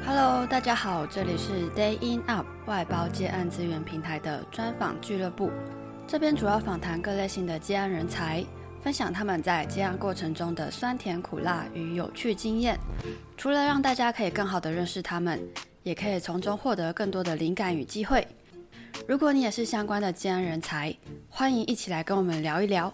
哈嘍，Hello, 大家好，這裡是 DayinUP 外包接案資源平台的專訪俱樂部。這邊主要訪談各類型的接案人才，分享他們在接案過程中的酸甜苦辣與有趣經驗。除了讓大家可以更好的認識他們，也可以從中獲得更多的靈感與機會。如果你也是相關的接案人才，歡迎一起來跟我們聊一聊。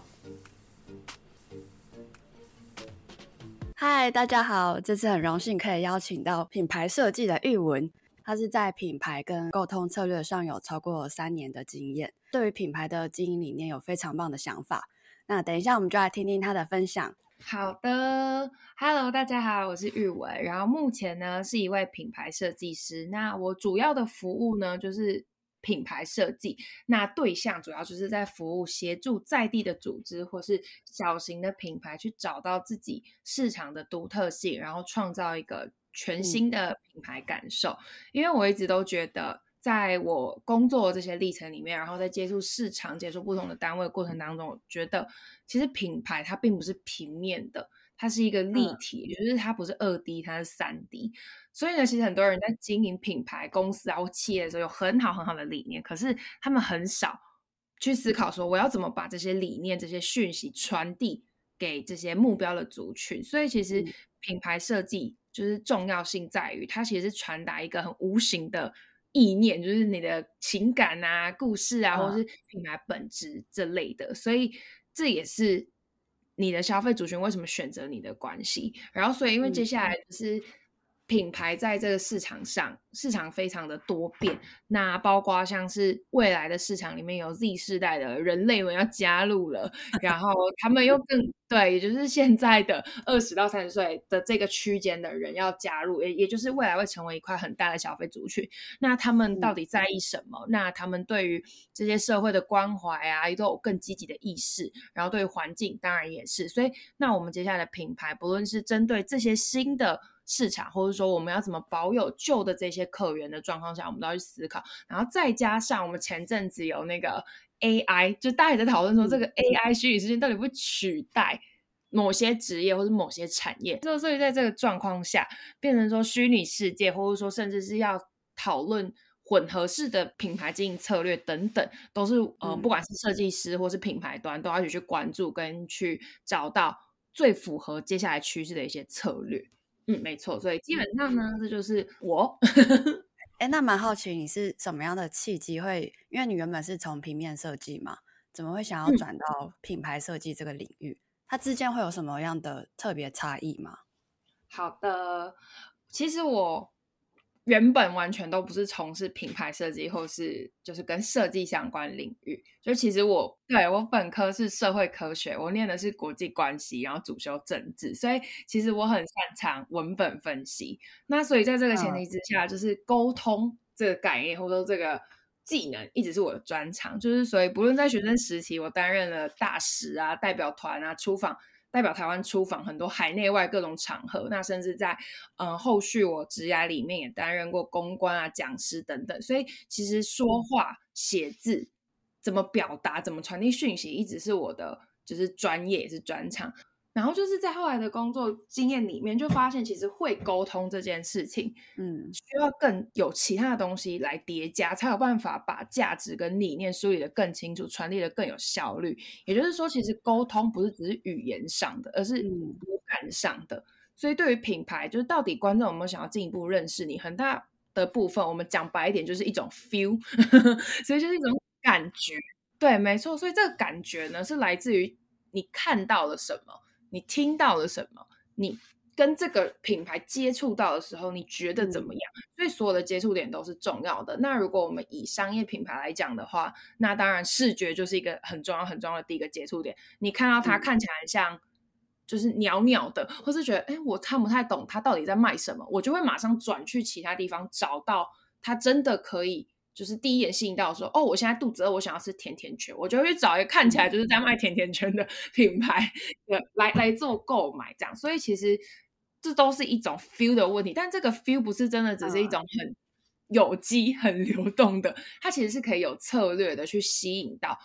嗨，Hi, 大家好！這次很榮幸可以邀請到品牌設計的鈺雯，他是在品牌跟溝通策略上有超過三年的經驗，對於品牌的經營理念有非常棒的想法。那等一下我們就來聽聽他的分享。好的，Hello，大家好，我是鈺雯，然後目前呢是一位品牌設計師。那我主要的服務呢就是。品牌設計，那對象主要就是在服務協助在地的組織或是小型的品牌，去找到自己市場的獨特性，然後創造一個全新的品牌感受。嗯、因為我一直都覺得，在我工作的這些歷程裡面，然後在接觸市場、接觸不同的單位的過程當中，我覺得其實品牌它並不是平面的。它是一個立體，嗯、就是它不是二 D，它是三 D。所以呢，其實很多人在經營品牌、公司啊、企業的時候，有很好很好的理念，可是他們很少去思考說，我要怎麼把這些理念、這些訊息傳遞給這些目標的族群。所以，其實品牌設計就是重要性在於，它其實是傳達一個很無形的意念，就是你的情感啊、故事啊，嗯、或是品牌本質這類的。所以，這也是。你的消費族群為什麼選擇你的關係？然後，所以，因為接下來就是。嗯。品牌在這個市場上，市場非常的多變。那包括像是未來的市場裡面有 Z 世代的人類們要加入了， 然後他們又更，對，也就是現在的二十到三十歲的這個區間的人要加入，也也就是未來會成為一塊很大的消費族群。那他們到底在意什麼？ 那他們對於這些社會的關懷啊，也都有更積極的意識。然後對於環境，當然也是。所以，那我們接下來的品牌，不論是針對這些新的。市場，或者說我們要怎麼保有舊的這些客源的狀況下，我們都要去思考。然後再加上我們前陣子有那個 AI，就大家也在討論說，這個 AI 虛擬世界到底會取代某些職業或者某些產業。所以，在這個狀況下，變成說虛擬世界，或者說甚至是要討論混合式的品牌經營策略等等，都是呃，不管是設計師或是品牌端，都要去去關注跟去找到最符合接下來趨勢的一些策略。嗯，沒錯，所以基本上呢，嗯、這就是我。哎、 欸，那蠻好奇你是什麼樣的契機會，因為你原本是從平面設計嘛，怎麼會想要轉到品牌設計這個領域？嗯、它之間會有什麼樣的特別差異嗎？好的，其實我。原本完全都不是從事品牌設計，或是就是跟設計相關領域。所以其實我，對，我本科是社會科學，我念的是國際關係，然後主修政治。所以其實我很擅長文本分析。那所以在這個前提之下，嗯、就是溝通這個概念或者說這個技能一直是我的專長。就是所以不論在學生時期，我擔任了大使啊、代表團啊、出訪。代表台灣出訪很多海內外各種場合，那甚至在嗯、呃、後續我職涯裡面也擔任過公關啊、講師等等，所以其實說話、寫字、怎麼表達、怎麼傳遞訊息，一直是我的就是專業也是專長。然後就是在後來的工作經驗裡面，就發現其實會溝通這件事情，嗯，需要更有其他的東西來疊加，才有辦法把價值跟理念梳理得更清楚，傳遞得更有效率。也就是說，其實溝通不是只是語言上的，而是情感上的。嗯、所以對於品牌，就是到底觀眾有沒有想要進一步認識你，很大的部分我們講白一點，就是一種 feel， 所以就是一種感覺。對，沒錯。所以這個感覺呢，是來自於你看到了什麼。你聽到了什麼？你跟這個品牌接觸到的時候，你覺得怎麼樣？嗯、所以所有的接觸點都是重要的。那如果我們以商業品牌來講的話，那當然視覺就是一個很重要、很重要的第一個接觸點。你看到它看起來像就是裊裊的，嗯、或是覺得哎，我看不太懂它到底在賣什麼，我就會馬上轉去其他地方找到它，真的可以。就是第一眼吸引到，說哦，我現在肚子餓，我想要吃甜甜圈，我就會去找一個看起來就是在賣甜甜圈的品牌的來來做購買，這樣。所以其實這都是一種 feel 的問題，但這個 feel 不是真的只是一種很有機、嗯、很流動的，它其實是可以有策略的去吸引到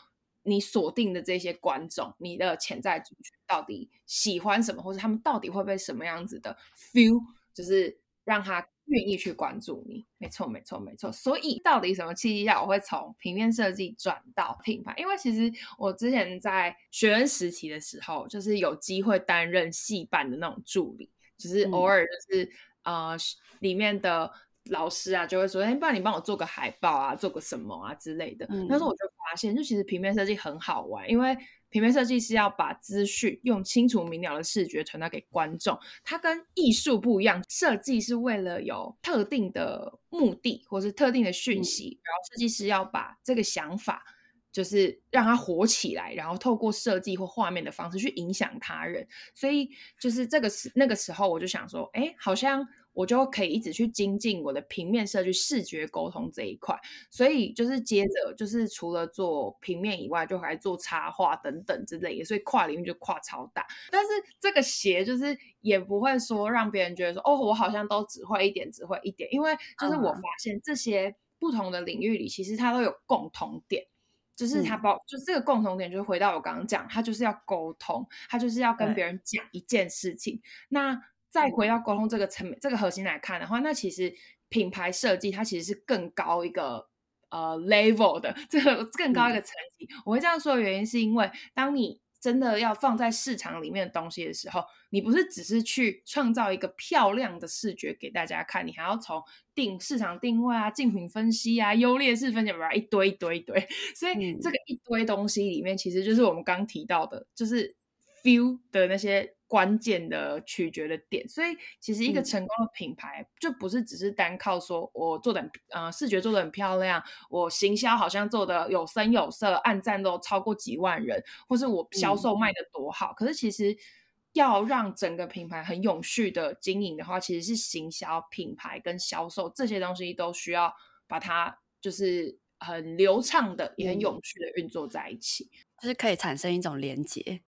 你鎖定的這些觀眾，你的潛在族群到底喜歡什麼，或者他們到底會被什麼樣子的 feel，就是讓他。願意去關注你，沒錯，沒錯，沒錯。所以到底什麼契機下我會從平面設計轉到品牌？因為其實我之前在學生時期的時候，就是有機會擔任系辦的那種助理，就是偶爾就是、嗯、呃，裡面的老師啊就會說，哎、欸，不然你幫我做個海報啊，做個什麼啊之類的。嗯、但是我就。發現，就其實平面設計很好玩，因為平面設計是要把資訊用清楚明了的視覺傳達給觀眾。它跟藝術不一樣，設計是為了有特定的目的，或是特定的訊息，嗯、然後設計師要把這個想法。就是讓它火起來，然後透過設計或畫面的方式去影響他人。所以，就是這個時那個時候，我就想說，哎，好像我就可以一直去精進我的平面設計、視覺溝通這一塊。所以，就是接着就是除了做平面以外，就還做插畫等等之類的。所以跨領域就跨超大。但是這個斜就是也不會說讓別人覺得說，哦，我好像都只會一點，只會一點。因為就是我發現這些不同的領域裡，其實它都有共同點。就是他包，嗯、就這個共同點，就是回到我剛剛講，他就是要溝通，他就是要跟別人講一件事情。對那再回到溝通這個層、嗯、這個核心來看的話，那其實品牌設計它其實是更高一個呃 Level 的，這個更高一個層級。嗯、我會這樣說的原因，是因為當你。真的要放在市場裡面的東西的時候，你不是只是去創造一個漂亮的視覺給大家看，你還要從定市場定位啊、競品分析啊、優劣勢分析，一堆一堆一堆。所以這個一堆東西裡面，其實就是我們剛提到的，就是 fu 的那些。關鍵的取決的點，所以其實一個成功的品牌就不是只是單靠說我做的、嗯、呃視覺做的很漂亮，我行銷好像做的有聲有色，按讚都超過幾萬人，或是我銷售賣的多好。嗯、可是其實要讓整個品牌很永續的經營的話，其實是行銷、品牌跟銷售這些東西都需要把它就是很流暢的、也很永續的運作在一起、嗯，就是可以產生一種連結。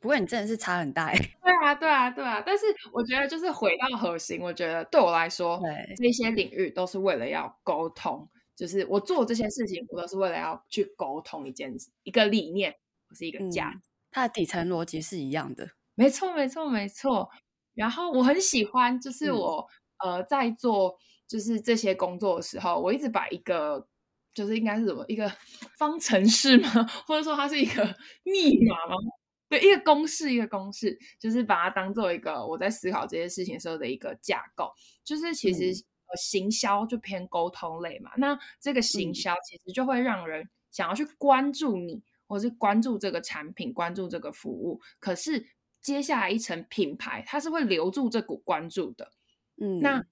不過你真的是差很大哎！ 對啊，對啊，對啊！啊、但是我覺得，就是回到核心，我覺得對我來說，對 這些領域都是為了要溝通，就是我做這些事情，我都是為了要去溝通一件事，一個理念，不是一個家、嗯。它的底層邏輯是一樣的。沒錯，沒錯，沒錯。然後我很喜歡，就是我呃在做就是這些工作的時候，我一直把一個就是應該是什麼一個方程式嘛，或者說它是一個密碼嘛。 對，一個公式，一個公式，就是把它當做一個我在思考這些事情時候的一個架構。就是其實行銷就偏溝通類嘛，嗯、那這個行銷其實就會讓人想要去關注你，嗯、或是關注這個產品，關注這個服務。可是接下來一層品牌，它是會留住這股關注的。嗯，那。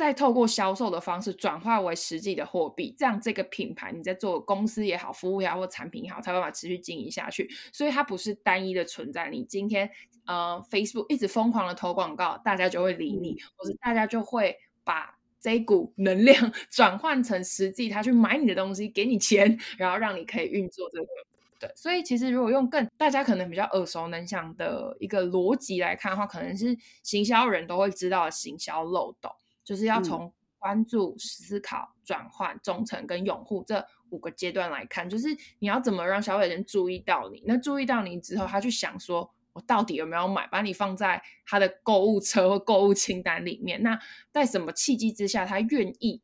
再透過銷售的方式轉化為實際的貨幣，這樣這個品牌，你在做公司也好，服務也好，或產品也好，才有辦法持續經營下去。所以它不是單一的存在。你今天呃，Facebook 一直瘋狂的投廣告，大家就會理你，或者大家就會把這股能量轉換成實際，他去買你的東西，給你錢，然後讓你可以運作這個。對，所以其實如果用更大家可能比較耳熟能詳的一個邏輯來看的話，可能是行銷人都會知道行銷漏斗。就是要從關注、思考、轉換、忠誠跟擁護這五個階段來看，就是你要怎麼讓消費者注意到你？那注意到你之後，他去想說我到底有沒有買？把你放在他的購物車或購物清單裡面。那在什麼契機之下，他願意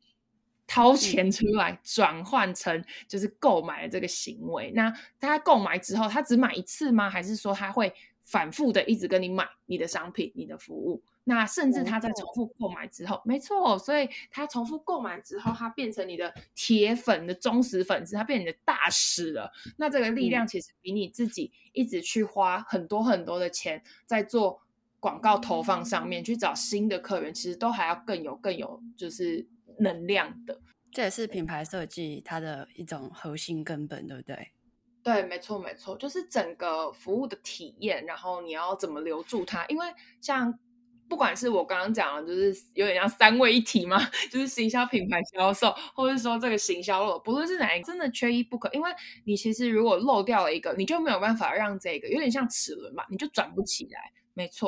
掏錢出來轉換成就是購買的這個行為？那他購買之後，他只買一次嗎？還是說他會反覆的一直跟你買你的商品、你的服務？那甚至他在重複購買之後，嗯、沒錯，所以他重複購買之後，他變成你的鐵粉的忠實粉絲，他變成你的大使了。那這個力量其實比你自己一直去花很多很多的錢在做廣告投放上面、嗯、去找新的客源，其實都還要更有更有就是能量的。這也是品牌設計它的一種核心根本，對不對？對，沒錯，沒錯，就是整個服務的體驗，然後你要怎麼留住他，因為像。不管是我剛剛講的，就是有點像三位一體嘛，就是行銷、品牌、銷售，或者是說這個行銷，不論是哪一個，真的缺一不可。因為你其實如果漏掉了一個，你就沒有辦法讓這個有點像齒輪嘛，你就轉不起來。沒錯，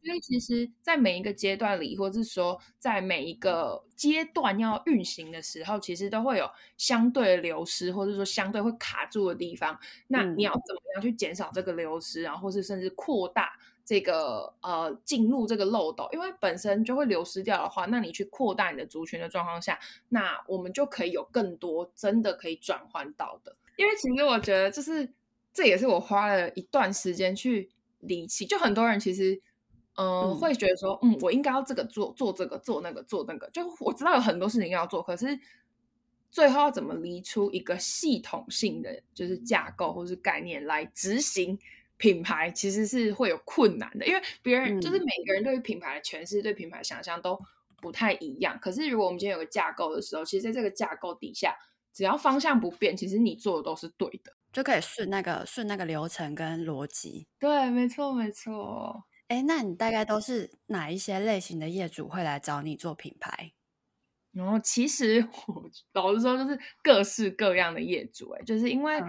所以其實，在每一個階段裡，或者是說在每一個階段要運行的時候，其實都會有相對的流失，或者說相對會卡住的地方。那你要怎麼樣去減少這個流失，嗯、然後或是甚至擴大？這個呃，進入這個漏斗，因為本身就會流失掉的話，那你去擴大你的族群的狀況下，那我們就可以有更多真的可以轉換到的。因為其實我覺得，就是這也是我花了一段時間去理清。就很多人其實，呃、嗯，會覺得說，嗯，我應該要這個做，做這個，做那個，做那個。就我知道有很多事情要做，可是最後要怎麼釐出一個系統性的就是架構或是概念來執行？品牌其實是會有困難的，因為別人、嗯、就是每個人對於品牌的詮釋、嗯、對品牌的想象都不太一樣。可是如果我們今天有個架構的時候，其實在這個架構底下，只要方向不變，其實你做的都是對的，就可以順那個順那個流程跟邏輯。對，沒錯沒錯。哎，那你大概都是哪一些類型的業主會來找你做品牌？哦，其實我老實說，就是各式各樣的業主。哎，就是因為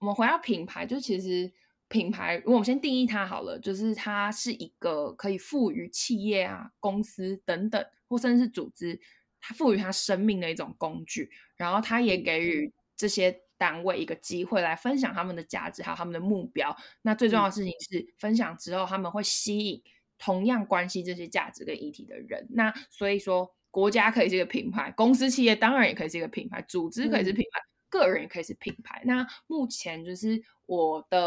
我們回到品牌，就其實。品牌，如果我們先定義它好了，就是它是一個可以賦予企業啊、公司等等，或甚至是組織，它賦予它生命的一種工具。然後它也給予這些單位一個機會來分享他們的價值還有他們的目標。那最重要的事情是，分享之後他們會吸引同樣關心這些價值跟議題的人。那所以說，國家可以是一個品牌，公司企業當然也可以是一個品牌，組織可以是品牌。嗯個人也可以是品牌。那目前就是我的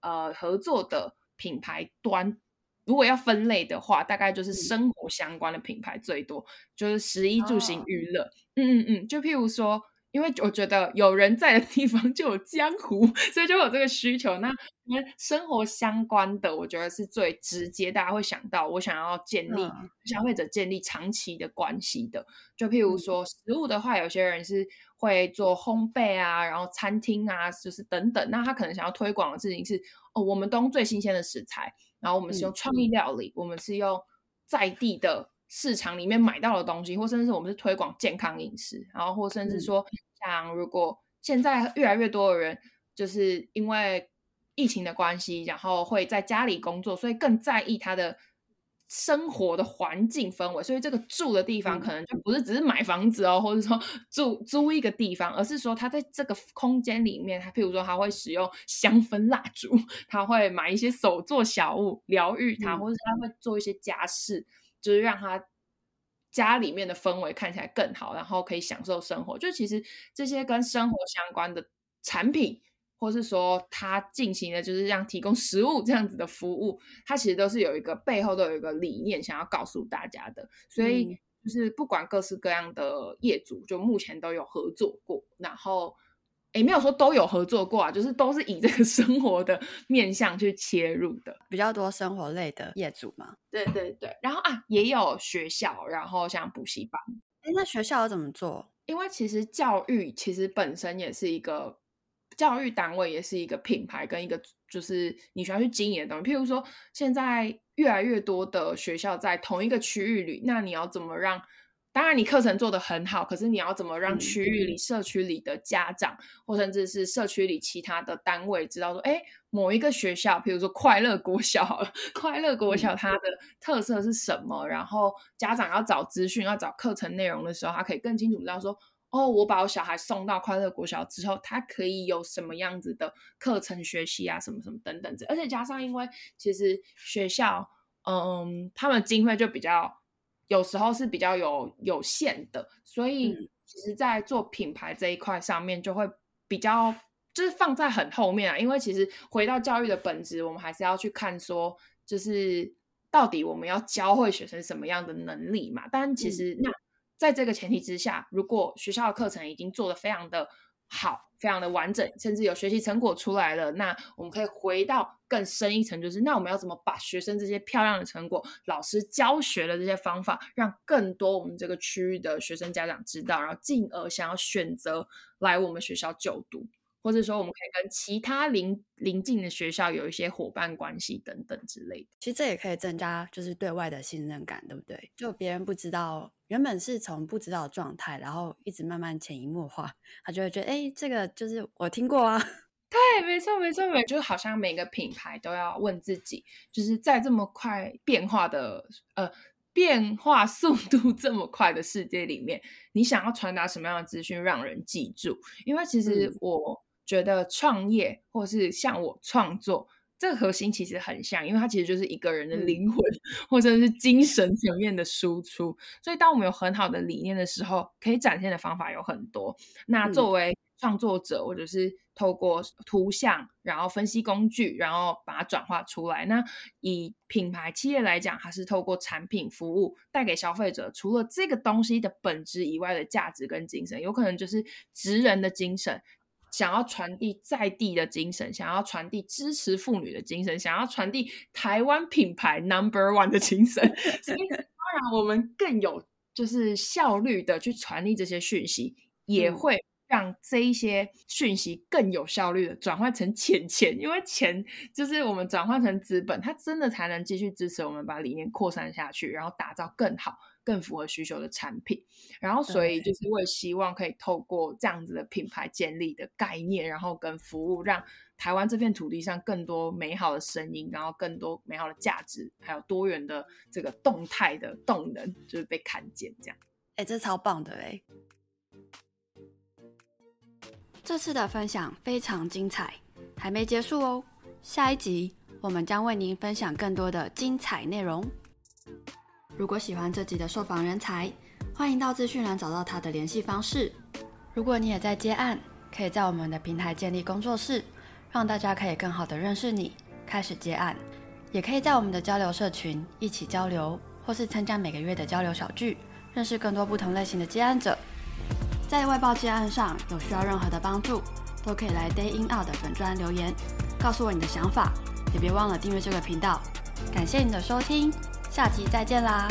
呃合作的品牌端，如果要分類的話，大概就是生活相關的品牌最多，就是食衣住行娛樂。哦、嗯嗯嗯，就譬如說。因為我覺得有人在的地方就有江湖，所以就有這個需求。那我們生活相關的，我覺得是最直接，大家會想到我想要建立、嗯、消費者建立長期的關係的。就譬如說食物的話，有些人是會做烘焙啊，嗯、然後餐廳啊，就是等等。那他可能想要推廣的事情是，哦，我們用最新鮮的食材，然後我們是用創意料理，嗯、我們是用在地的。市場裡面買到的東西，或甚至是我們是推廣健康飲食，然後或甚至說，像如果現在越來越多的人，就是因為疫情的關係，然後會在家裡工作，所以更在意他的生活的環境氛圍，所以這個住的地方可能就不是只是買房子哦，嗯、或者說住租一個地方，而是說他在這個空間裡面，他譬如說他會使用香氛蠟燭，他會買一些手做小物療癒他，嗯、或者是他會做一些家事。就是讓他家裡面的氛圍看起來更好，然後可以享受生活。就其實這些跟生活相關的產品，或是說他進行的，就是像提供食物這樣子的服務，它其實都是有一個背後都有一個理念想要告訴大家的。所以就是不管各式各樣的業主，就目前都有合作過，然後。也沒有說都有合作過啊，就是都是以這個生活的面向去切入的，比較多生活類的業主嘛。對對對，然後啊也有學校，然後像補習班。誒，那學校要怎麼做？因為其實教育其實本身也是一個教育單位，也是一個品牌跟一個就是你需要去經營的東西。譬如說，現在越來越多的學校在同一個區域裡，那你要怎麼讓？當然，你課程做得很好，可是你要怎麼讓區域裡、嗯、社區裡的家長，嗯、或甚至是社區裡其他的單位知道說，誒某一個學校，譬如說快樂國小好了，快樂國小它的特色是什麼？嗯、然後家長要找資訊、要找課程內容的時候，他可以更清楚知道說，哦，我把我小孩送到快樂國小之後，他可以有什麼樣子的課程學習啊，什麼什麼等等。而且加上，因為其實學校，嗯，他們經費就比較。有時候是比較有有限的，所以其實，在做品牌這一塊上面，就會比較，就是放在很後面啊，因為其實回到教育的本質，我們還是要去看說，就是到底我們要教會學生什麼樣的能力嘛？但其實那在這個前提之下，如果學校的課程已經做得非常的好。非常的完整，甚至有學習成果出來了。那我們可以回到更深一層，就是那我們要怎麼把學生這些漂亮的成果、老師教學的這些方法，讓更多我們這個區域的學生家長知道，然後進而想要選擇來我們學校就讀。或者說，我們可以跟其他鄰，鄰近的學校有一些夥伴關係等等之類的。其實這也可以增加就是對外的信任感，對不對？就別人不知道，原本是從不知道的狀態，然後一直慢慢潛移默化，他就會覺得，哎，這個就是我聽過啊。對，沒錯，沒錯，沒錯。就好像每個品牌都要問自己，就是在這麼快變化的呃變化速度這麼快的世界裡面，你想要傳達什麼樣的資訊讓人記住？因為其實我。嗯覺得創業或是像我創作，這個核心其實很像，因為它其實就是一個人的靈魂、嗯、或者是精神層面的輸出。所以，當我們有很好的理念的時候，可以展現的方法有很多。那作為創作者，或者、嗯、是透過圖像，然後分析工具，然後把它轉化出來。那以品牌企業來講，還是透過產品服務帶給消費者除了這個東西的本質以外的價值跟精神，有可能就是職人的精神。想要傳遞在地的精神，想要傳遞支持婦女的精神，想要傳遞台灣品牌 number one 的精神。當然， 讓我們更有就是效率的去傳遞這些訊息，也會讓這一些訊息更有效率的轉換成錢錢，嗯、因為錢就是我們轉換成資本，它真的才能繼續支持我們把理念擴散下去，然後打造更好。更符合需求的產品，然後所以就是我也希望可以透過這樣子的品牌建立的概念，然後跟服務，讓台灣這片土地上更多美好的聲音，然後更多美好的價值，還有多元的這個動態的動能，就是被看見這樣。哎、欸，這超棒的哎、欸！這次的分享非常精彩，還沒結束哦。下一集我們將為您分享更多的精彩內容。如果喜歡這集的受訪人才，歡迎到資訊欄找到他的聯繫方式。如果你也在接案，可以在我們的平台建立工作室，讓大家可以更好的認識你，開始接案。也可以在我們的交流社群一起交流，或是參加每個月的交流小聚，認識更多不同類型的接案者。在外包接案上有需要任何的幫助，都可以來 DayinUP 的粉專留言，告訴我你的想法。也別忘了訂閱這個頻道，感謝您的收聽。下期再見啦！